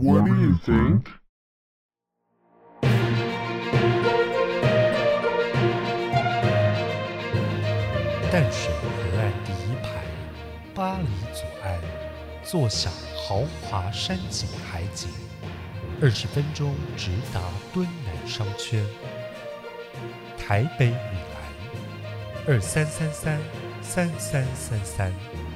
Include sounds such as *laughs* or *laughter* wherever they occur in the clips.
What think do you think？淡水河岸第一排，巴黎左岸，坐享豪華山景海景，二十分鐘直達敦南商圈。台北米蘭，二三三三三三三三。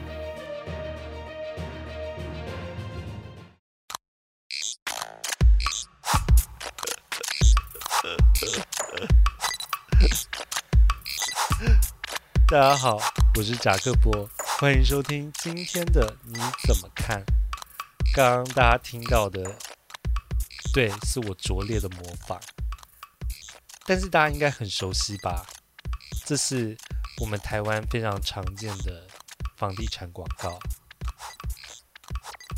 大家好，我是賈克博。歡迎收聽今天的你怎麼看？剛剛大家聽到的，對，是我拙劣的模仿，但是大家應該很熟悉吧？這是我們台灣非常常見的房地產廣告。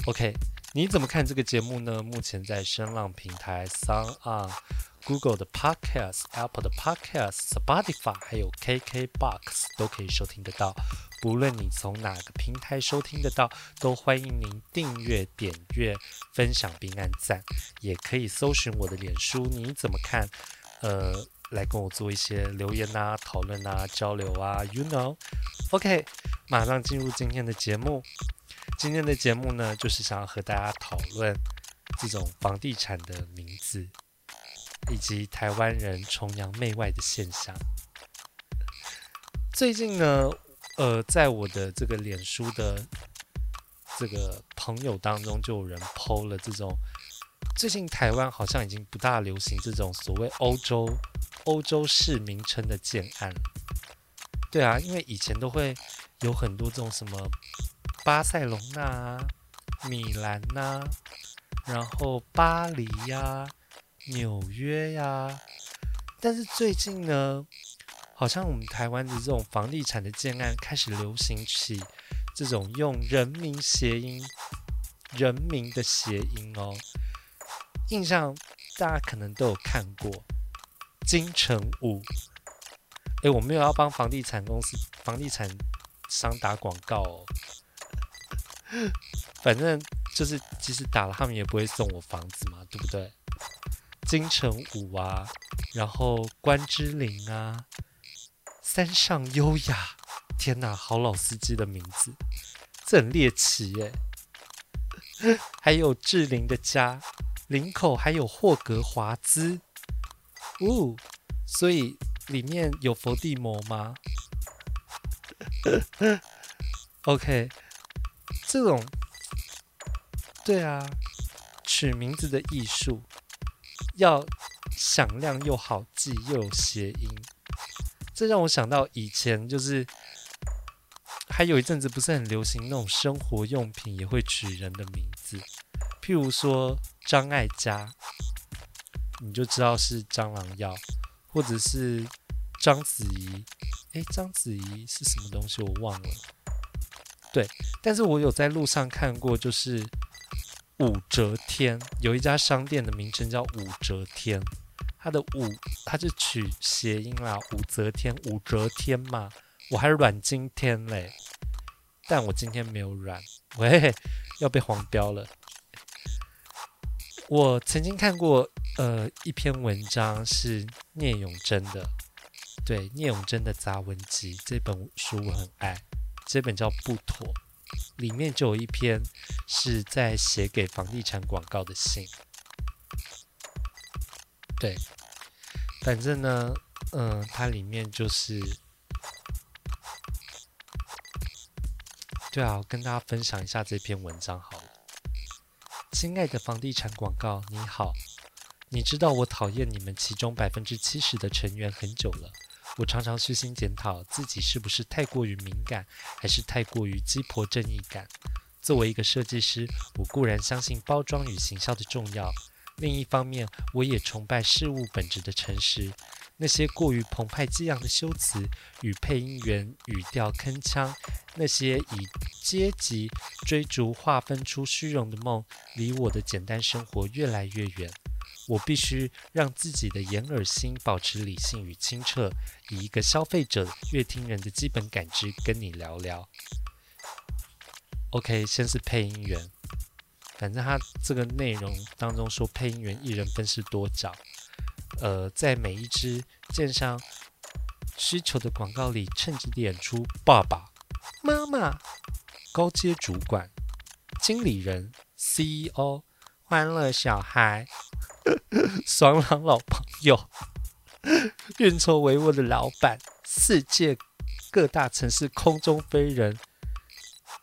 OK，你怎麼看這個節目呢？目前在聲浪平台上啊。Google 的 Podcast、Apple 的 Podcast、Spotify 還有 KKBox 都可以收聽得到。不論你從哪個平台收聽得到，都歡迎您訂閱、點閱、分享並按讚。也可以搜尋我的臉書，你怎麼看？呃，來跟我做一些留言啊、討論啊、交流啊，You know？OK，馬上進入今天的節目。今天的節目呢，就是想要和大家討論這種房地產的名字。以及台灣人崇洋媚外的現象。最近呢，呃，在我的這個臉書的這個朋友當中，就有人 po 了這種。最近台灣好像已經不大流行這種所謂歐洲歐洲式名稱的建案了。對啊，因為以前都會有很多這種什麼巴塞隆納啊、米蘭吶、啊，然後巴黎呀、啊。紐約呀、啊，但是最近呢，好像我們台灣的這種房地產的建案開始流行起這種用人名諧音、人名的諧音哦。印象大家可能都有看過，金城武。誒，我沒有要幫房地產公司、房地產商打廣告哦。反正就是，即使打了，他們也不會送我房子嘛，對不對？金城武啊，然後關之琳啊，三上優雅，天吶，好老司機的名字，這很獵奇耶、欸。 *laughs* 還有志玲的家，林口，還有霍格華茲，嗚、哦，所以裡面有佛地魔嗎 *laughs* ？OK，這種，對啊，取名字的藝術。要響亮又好記，又有諧音，這讓我想到以前就是還有一陣子不是很流行那種生活用品也會取人的名字，譬如說張艾嘉，你就知道是蟑螂藥，或者是章子怡。哎，章子怡是什麼東西我忘了，對，但是我有在路上看過就是。武則天有一家商店的名稱叫武則天，它的武它是取諧音啦，武則天、武則天嘛，我還是阮經天嘞，但我今天沒有阮，喂，要被黃標了。我曾經看過呃一篇文章，是聶永真的，對，聶永真的雜文集，這本書我很愛，這本叫不妥。裡面就有一篇是在寫給房地產廣告的信，對，反正呢，嗯，它裡面就是，對啊，跟大家分享一下這篇文章好了。親愛的房地產廣告，你好，你知道我討厭你們其中百分之七十的成員很久了。我常常虛心檢討自己是不是太過於敏感，還是太過於雞婆正義感。作為一個設計師，我固然相信包裝與形象的重要；另一方面，我也崇拜事物本質的誠實。那些過於澎湃激昂的修辭與配音員語調鏗鏘，那些以階級追逐劃分出虛榮的夢，離我的簡單生活越來越遠。我必須讓自己的眼耳心保持理性與清澈，以一個消費者、閱聽人的基本感知跟你聊聊。OK，先是配音員，反正他這個內容當中說，配音員一人分飾多角。呃，在每一支建商需求的廣告裡，趁機點出爸爸、媽媽、高階主管、經理人、CEO、歡樂小孩。爽朗老朋友，運籌帷幄的老闆，世界各大城市空中飛人，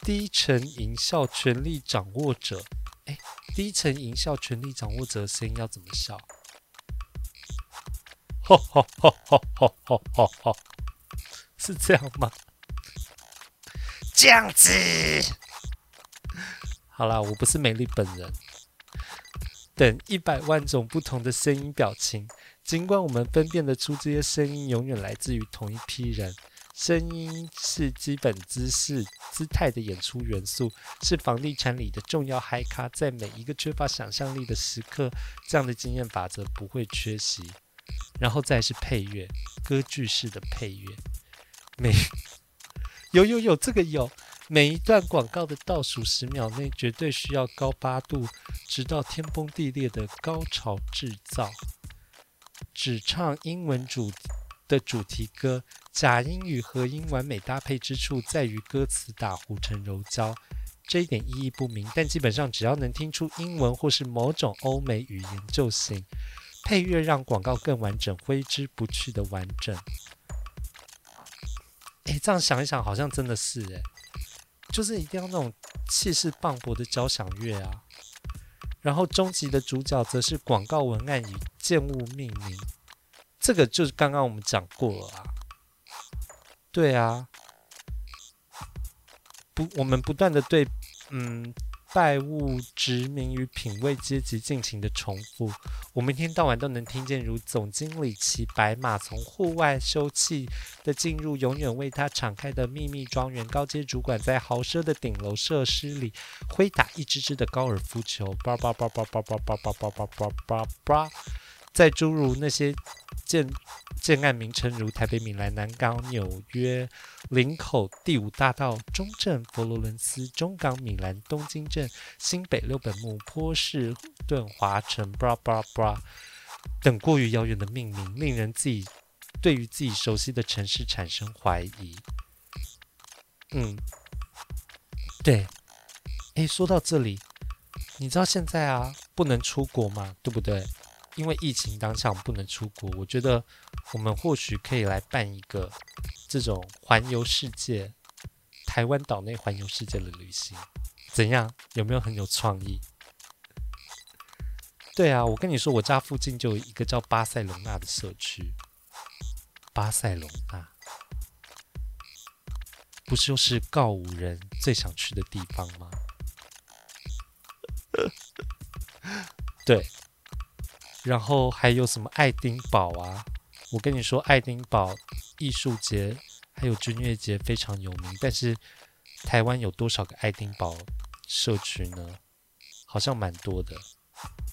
低沉淫笑權力掌握者，欸。誒，低沉淫笑權力掌握者的聲音要怎麼笑？吼吼吼吼吼吼吼吼，是這樣嗎？這樣子。好啦，我不是美麗本人。等一百萬種不同的聲音表情，儘管我們分辨得出這些聲音永遠來自於同一批人。聲音是基本姿勢、姿態的演出元素，是房地產裡的重要嗨咖。在每一個缺乏想象力的時刻，這樣的經驗法則不會缺席。然後再是配樂，歌劇式的配樂。沒，有有有，這個有。每一段廣告的倒數十秒內，絕對需要高八度，直到天崩地裂的高潮製造。只唱英文主的主題歌，假音與和音完美搭配之處在於歌詞打糊成柔焦，這一點意義不明，但基本上只要能聽出英文或是某種歐美語言就行。配樂讓廣告更完整，揮之不去的完整。誒，這樣想一想，好像真的是誒。就是一定要那種氣勢磅礴的交響樂啊，然後終極的主角則是廣告文案以建物命名，這個就是剛剛我們講過了啊，對啊，不，我們不斷的對，嗯。拜物、殖民與品味階級進行的重複。我一天到晚都能聽見，如總經理騎白馬從戶外休憩的進入，永遠為他敞開的秘密莊園。高階主管在豪奢的頂樓設施裡揮打一隻隻的高爾夫球。再諸如那些建建案名稱，如台北、米蘭、南港、紐約、林口、第五大道、中正、佛羅倫斯、中港、米蘭、東京鎮、新北六本木、波士頓、華城、布拉布拉布拉等過於遙遠的命名，令人自己對於自己熟悉的城市產生懷疑。嗯，對。哎，說到這裡，你知道現在啊，不能出國嘛，對不對？因為疫情當下我們不能出國，我覺得我們或許可以來辦一個這種環遊世界、台灣島內環遊世界的旅行，怎樣？有沒有很有創意？對啊，我跟你說，我家附近就有一個叫巴塞隆納的社區，巴塞隆納不是就是告五人最想去的地方嗎？對。然後還有什麼愛丁堡啊？我跟你說，愛丁堡藝術節還有軍樂節非常有名。但是台灣有多少個愛丁堡社區呢？好像蠻多的。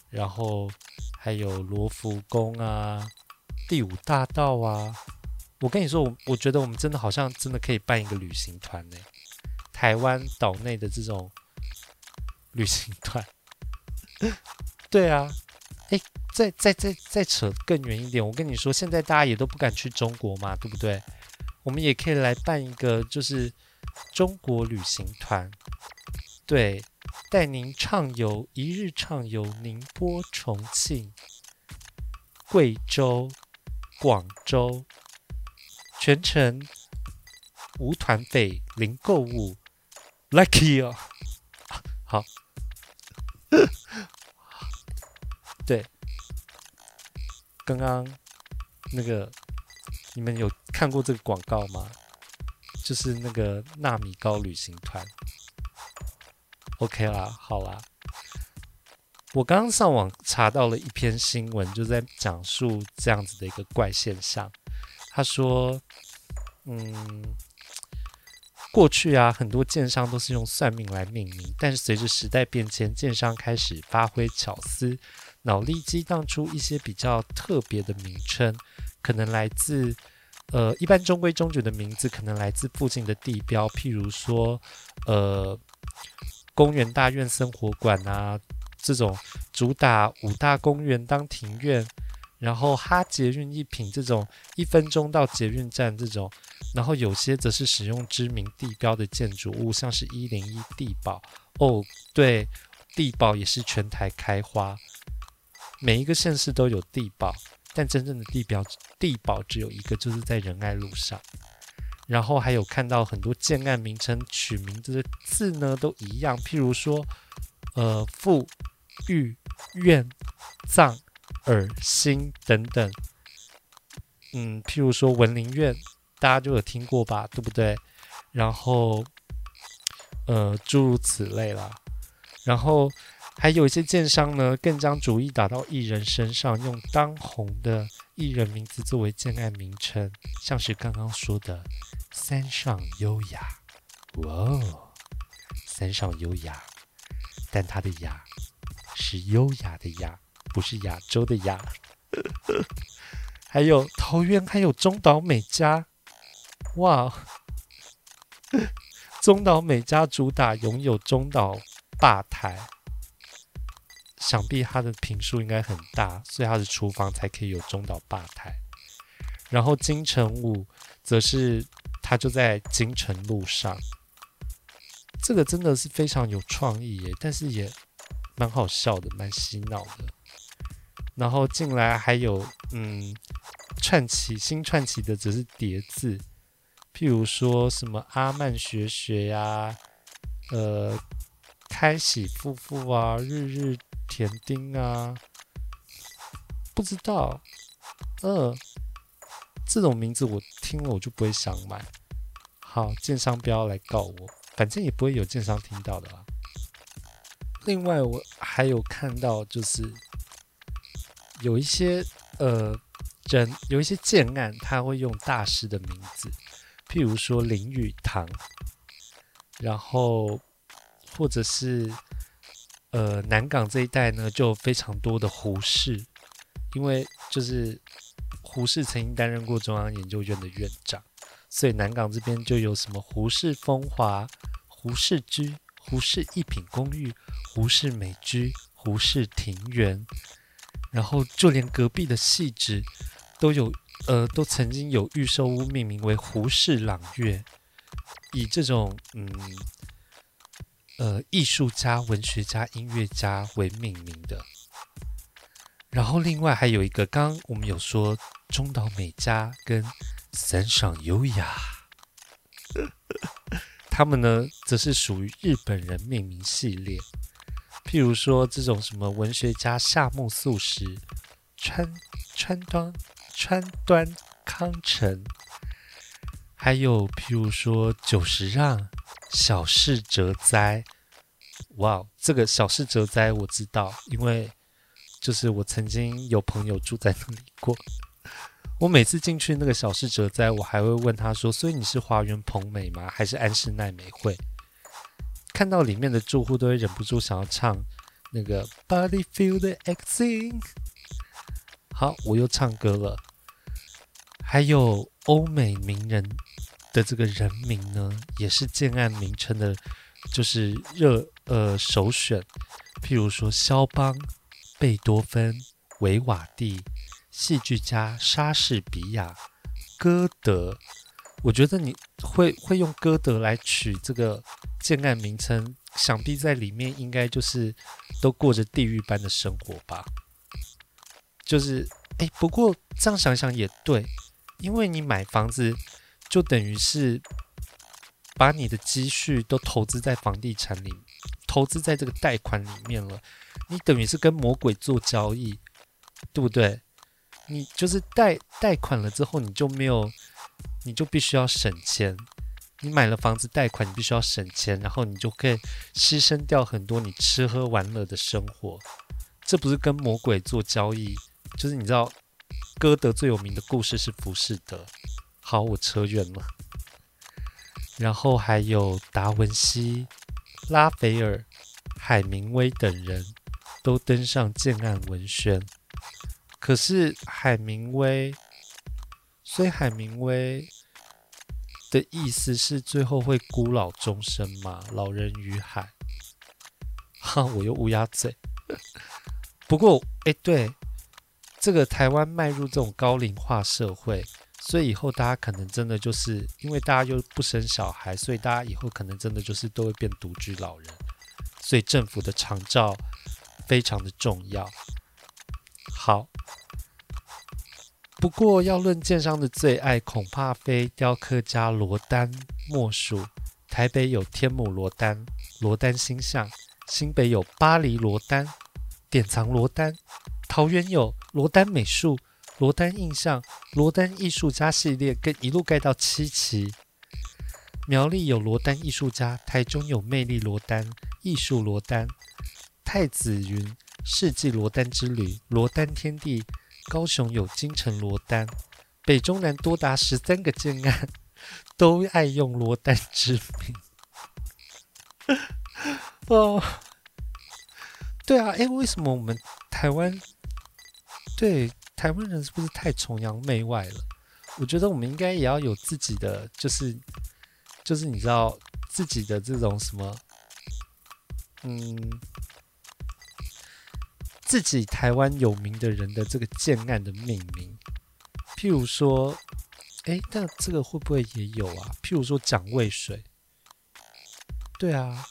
然後還有羅浮宮啊，第五大道啊。我跟你說，我我覺得我們真的好像真的可以辦一個旅行團呢，哎，台灣島內的這種旅行團。 *laughs* 對啊。哎，再再再再扯更遠一點，我跟你說，現在大家也都不敢去中國嘛，對不對？我們也可以來辦一個，就是中國旅行團，對，帶您暢遊一日暢遊寧波、重慶、貴州、廣州，全程無團費、零購物，lucky 啊，Like you. 好。 *laughs* 對，剛剛那個你們有看過這個廣告嗎？就是那個納米高旅行團。OK 啦，好啦，我剛剛上網查到了一篇新聞，就在講述這樣子的一個怪現象。他說，嗯，過去啊，很多建商都是用算命來命名，但是隨着時代變遷，建商開始發揮巧思。腦力激盪出一些比較特別的名稱，可能來自呃一般中規中矩的名字，可能來自附近的地標，譬如說呃公園大院生活館啊這種主打五大公園當庭院，然後哈捷運一品這種一分鐘到捷運站這種，然後有些則是使用知名地標的建築物，像是一零一地堡哦對，地堡也是全台開花。每一個縣市都有地堡，但真正的地表地堡只有一個，就是在仁愛路上。然後還有看到很多建案名稱取名的字呢，都一樣。譬如說，呃，富裕苑、藏爾新等等。嗯，譬如說文林苑，大家就有聽過吧？對不對？然後，呃，諸如此類啦。然後。還有一些建商呢，更將主意打到藝人身上，用當紅的藝人名字作為建案名稱，像是剛剛說的三上悠雅，哇，三上悠雅，但他的雅是優雅的雅，不是亞洲的亞。 *laughs* 還有桃園，還有中島美嘉，哇，中島美嘉主打擁有中島吧台。想必他的坪數應該很大，所以他的廚房才可以有中島吧台。然後金城武則是他就在金城路上，這個真的是非常有創意耶，但是也蠻好笑的，蠻洗腦的。然後進來還有嗯串起新串起的則是疊字，譬如說什麼阿曼學學呀、啊，呃開喜夫婦啊，日日。甜丁啊，不知道，嗯、呃，這種名字我聽了我就不會想買。好，建商不要來告我，反正也不會有建商聽到的啦、啊。另外，我還有看到就是有一些呃人有一些建案，他會用大師的名字，譬如說林語堂，然後或者是。呃，南港這一帶呢，就非常多的胡適，因為就是胡適曾經擔任過中央研究院的院長，所以南港這邊就有什麼胡適風華、胡適居、胡適一品公寓、胡適美居、胡適庭園，然後就連隔壁的汐止都有，呃，都曾經有預售屋命名為胡適朗月，以這種嗯。呃，藝術家、文學家、音樂家為命名的。然後，另外還有一個，剛剛我們有說中島美嘉跟三上悠亞， *laughs* 他們呢，則是屬於日本人命名系列。譬如說，這種什麼文學家夏目漱石、川川端川端康成，還有譬如說久石讓。小室哲哉，哇，wow，這個小室哲哉我知道，因為就是我曾經有朋友住在那裡過。我每次進去那個小室哲哉，我還會問他說：“所以你是華原朋美嗎？還是安室奈美惠？”看到裡面的住戶都會忍不住想要唱那個《BODY FEELS EXIT》。好，我又唱歌了。還有歐美名人。的這個人名呢，也是建案名稱的，就是熱呃首選。譬如說肖邦、貝多芬、韋瓦第、戲劇家莎士比亞、歌德。我覺得你會會用歌德來取這個建案名稱，想必在裡面應該就是都過着地獄般的生活吧。就是哎、欸，不過這樣想想也對，因為你買房子。就等於是把你的積蓄都投資在房地產裡，投資在這個貸款裡面了。你等於是跟魔鬼做交易，對不對？你就是貸貸款了之後，你就沒有，你就必須要省錢。你買了房子貸款，你必須要省錢，然後你就可以犧牲掉很多你吃喝玩樂的生活。這不是跟魔鬼做交易，就是你知道歌德最有名的故事是《浮士德》。好，我扯遠了。然後還有達文西、拉斐爾、海明威等人，都登上建案文宣。可是海明威，所以海明威的意思是最後會孤老終生嘛，《老人與海》。哈，我又烏鴉嘴。不過，哎、欸，對，這個台灣邁入這種高齡化社會。所以以後大家可能真的就是因為大家又不生小孩，所以大家以後可能真的就是都會變獨居老人，所以政府的長照非常的重要。好，不過要論建商的最愛，恐怕非雕刻家羅丹莫屬。台北有天母羅丹，羅丹星象；新北有巴黎羅丹，典藏羅丹；桃園有羅丹美術。羅丹印象、羅丹藝術家系列，跟一路蓋到七期。苗栗有羅丹藝術家，台中有魅力羅丹藝術羅丹、太子雲世紀羅丹之旅，羅丹天地，高雄有京城羅丹，北中南多達十三個建案，都愛用羅丹之名。 *laughs* 哦，對啊，誒、欸，為什麼我們台灣對？台灣人是不是太崇洋媚外了？我覺得我們應該也要有自己的，就是就是你知道自己的這種什麼，嗯，自己台灣有名的人的這個建案的命名，譬如說，哎、欸，那這個會不會也有啊？譬如說蔣渭水，對啊，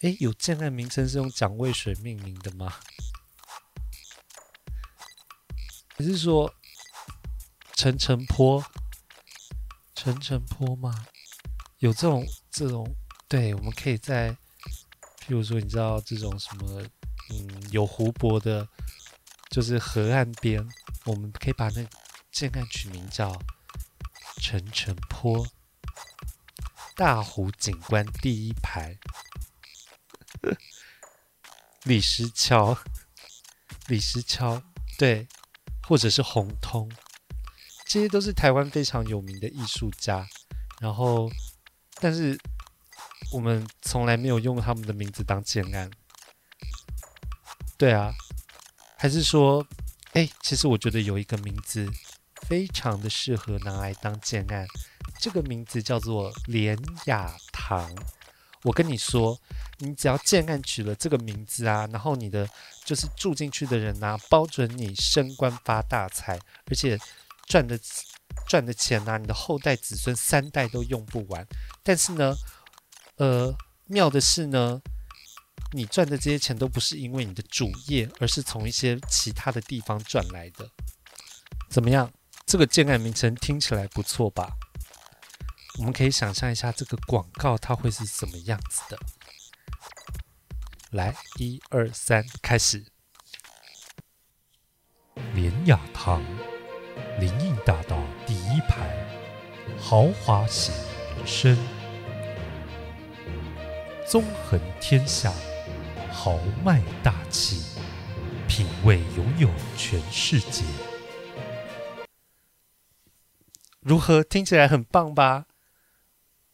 哎、欸，有建案名稱是用蔣渭水命名的嗎？你是說“晨晨坡”“晨晨坡”嗎？有這種這種，對，我們可以在，譬如說，你知道這種什麼，嗯，有湖泊的，就是河岸邊，我們可以把那個建案取名叫“晨晨坡”。大湖景觀第一排，呵李石橋，李石橋，對。或者是洪通，這些都是台灣非常有名的藝術家。然後，但是我們從來沒有用他們的名字當建案。對啊，還是說，哎、欸，其實我覺得有一個名字非常的適合拿來當建案，這個名字叫做連雅堂。我跟你說，你只要建案取了這個名字啊，然後你的就是住進去的人吶，包準你升官發大財，而且賺的賺的錢吶，你的後代子孫三代都用不完。但是呢，呃，妙的是呢，你賺的這些錢都不是因為你的主業，而是從一些其他的地方賺來的。怎麼樣？這個建案名稱聽起來不錯吧？我們可以想象一下這個廣告，它會是什麼樣子的。來，一二三，開始。蓮雅堂，林蔭大道第一排，豪華洗深縱橫天下，豪邁大氣，品味擁有全世界。如何？聽起來很棒吧？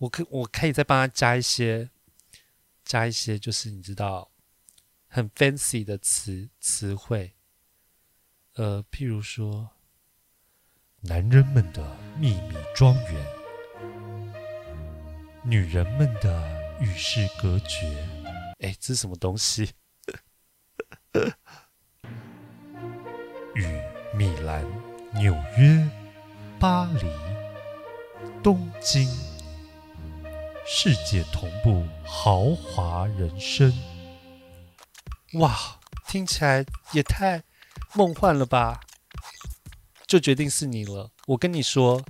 我可我可以再幫他加一些，加一些，就是你知道，很 fancy 的詞詞彙彙，呃，譬如說，男人們的秘密莊園，女人們的與世隔絕，哎，這是什麼東西？ *laughs* 與米蘭、紐約、巴黎、東京。世界同步豪華人生，哇，聽起來也太夢幻了吧！就決定是你了。我跟你說，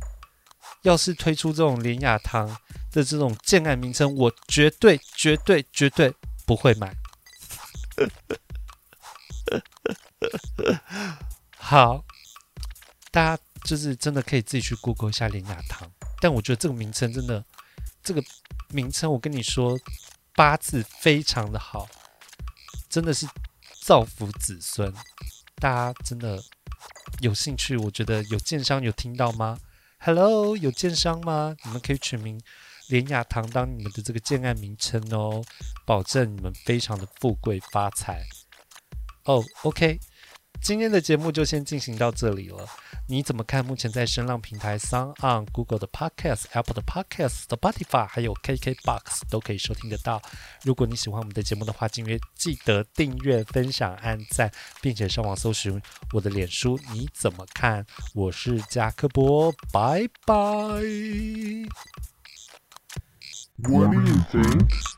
要是推出這種連雅堂的這種建案名稱，我絕對、絕對、絕對不會買。哈哈哈哈哈哈哈。好，大家就是真的可以自己去 Google 一下連雅堂，但我覺得這個名稱真的。這個名稱我跟你說，八字非常的好，真的是造福子孫。大家真的有興趣？我覺得有建商有聽到嗎？Hello，有建商嗎？你們可以取名連雅堂當你們的這個建案名稱哦，保證你們非常的富貴發財。哦、oh,，OK，今天的節目就先進行到這裡了。你怎麼看？目前在聲浪平台、SoundOn Google 的 Podcast、Apple 的 Podcast、Spotify 還有 KKBox 都可以收聽得到。如果你喜歡我們的節目的話，記得訂閱、分享、按讚，並且上網搜尋我的臉書。你怎麼看？我是賈克伯，拜拜。What do you think?